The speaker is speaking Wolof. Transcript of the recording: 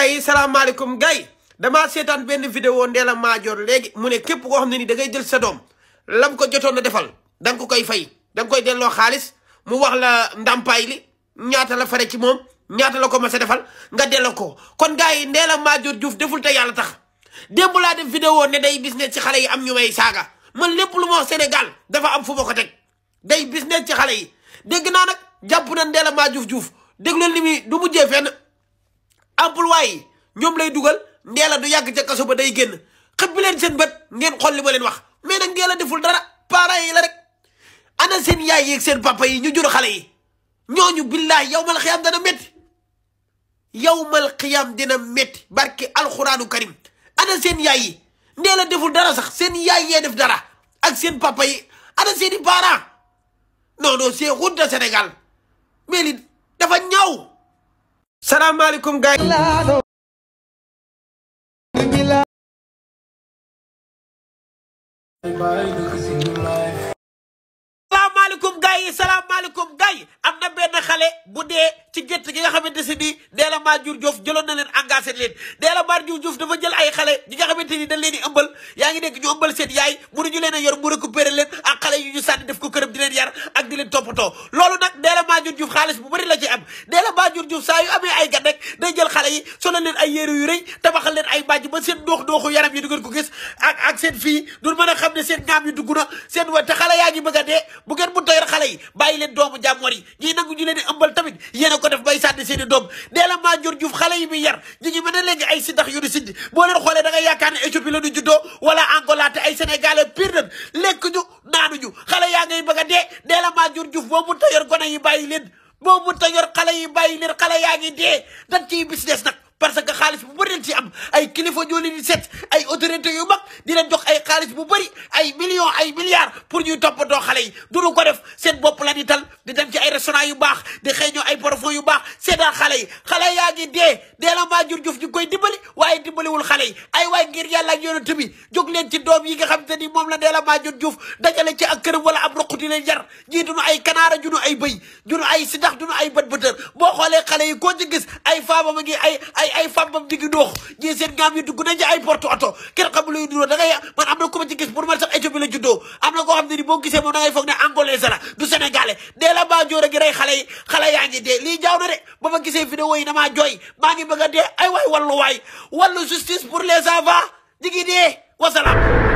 gars yi salaamaaleykum gars yi seetaan benn vidéo Ndella Madior léegi mu ne képp koo xam ne ni da ngay jël sa doom lam ko jotoon a defal danga ko koy fay danga koy delloo xaalis mu wax la ndàmpaay li ñaata la fare ci moom ñaata la ko defal nga delloo ko kon gars yi Ndella Madior Diouf deful ta yàlla tax démb laa def vidéo ne day business ci xale yi am ñu may saaga man lépp lu ma wax Sénégal dafa am fu ma ko teg day business ci xale yi dégg naa nag jàpp na Ndella juuf Diouf déglu li muy du mujjee fenn emploi yi ñoom lay dugal ndeela du yàgg ca kaso ba day génn xëpp leen seen bët ngeen xolli li ma leen wax mais nag ndeela deful dara parents yi la rek ana seen yaay yi ak seen papa yi ñu jur xale yi ñooñu billahi yawmal xiyaam dana métti yawmal xiyaam dina métti barke alxuraanu karim ana seen yaay yi ndeela deful dara sax seen yaay yee def dara ak seen papa yi ana seen i parents non non c'est route mais li dafa ñaaw salaamaaleykum gars yi Bye. léegi salaamaaleykum gay am na benn xale bu dee ci gétt gi nga xamante si nii Ndella Madior Diouf jëloon na leen engagé leen Ndella Madior Diouf dafa jël ay xale ñi nga xamante ni dañ leen di ëmbal yaa ngi dégg ñu ëmbal seen yaay mënuñu leen a yor mu récupéré leen ak xale yu ñu sànni ko këram di leen yar ak di leen toppatoo loolu nag Ndella Madior Diouf xaalis bu bëri la ci am Ndella Madior Diouf saa yu amee ay gan rek day jël xale yi solal leen ay yére yu rey tabaxal leen ay bàjj ba seen doox dooxu yaram yi du ngeen ko gis ak ak seen fii dul mën a xam ne seen ñaam yu dugg na seen wa te xale yaa ngi bëgg de dee bu ngeen mun ta yor xale yi bàyyi leen doomu jàmmoor yi ñiy nangu ñu leen di ëmbal tamit yéen ko def bay sànni seen i doom dee la Mandione Diouf xale yi muy yar ñi ngi mën a ay ay sindax yu ni sindi boo leen xoolee da nga yaakaar ne Éthiopie la ñu juddoo wala Angola te ay sénégalais pire nan lekk ñu naanuñu xale yaa ngay bëgg a dee dee la Mandione Diouf boo mun ta yor gone yi bàyyi leen boo mun ta yor xale yi bàyyi leen kala yaa ngi dee dañ ciy business nag xaalis bu bëri leen ci am ay kilifa ñoo set ay autorité yu mag di leen jox ay xaalis bu bëri ay million ay milliards pour ñuy toppatoo xale yi duñu ko def seen bopp la di tal di dem ci ay restaurant yu baax di xëy ñoo ay parfum yu baax seetaan xale yi xale yaa ngi dee dee la maa jur juf ñu koy dimbali waaye dimbaliwul xale yi ay waay ngir yàlla ak yonent bi jóg leen ci doom yi nga xam te ni moom la dee la maa jur juf dajale ci ak këram wala am roq di leen yar ñii duñu ay kanaara junu ay bëy junu ay sidax junu ay bët bëtër boo xoolee xale yi koo ci gis ay faama ma ay ay kàmbam diggi dooxu ñii seen ngaam yi dugg nañ ci ay porte oto kenn xamul luy niroo da ngay am na ku ma ci gis pour man sax Éthiopie la juddoo am na koo xam ne ni boo gisee moom da ngay foog ne angolais la du sénégalais dee la baa jóor a gi rey xale yi xale yaa ngi dee lii jaaw na de ba ma gisee vidéo yi damaa jooy maa ngi bëgg a dee ay waay wallu waay wallu justice pour les enfants di ngi dee wasalaam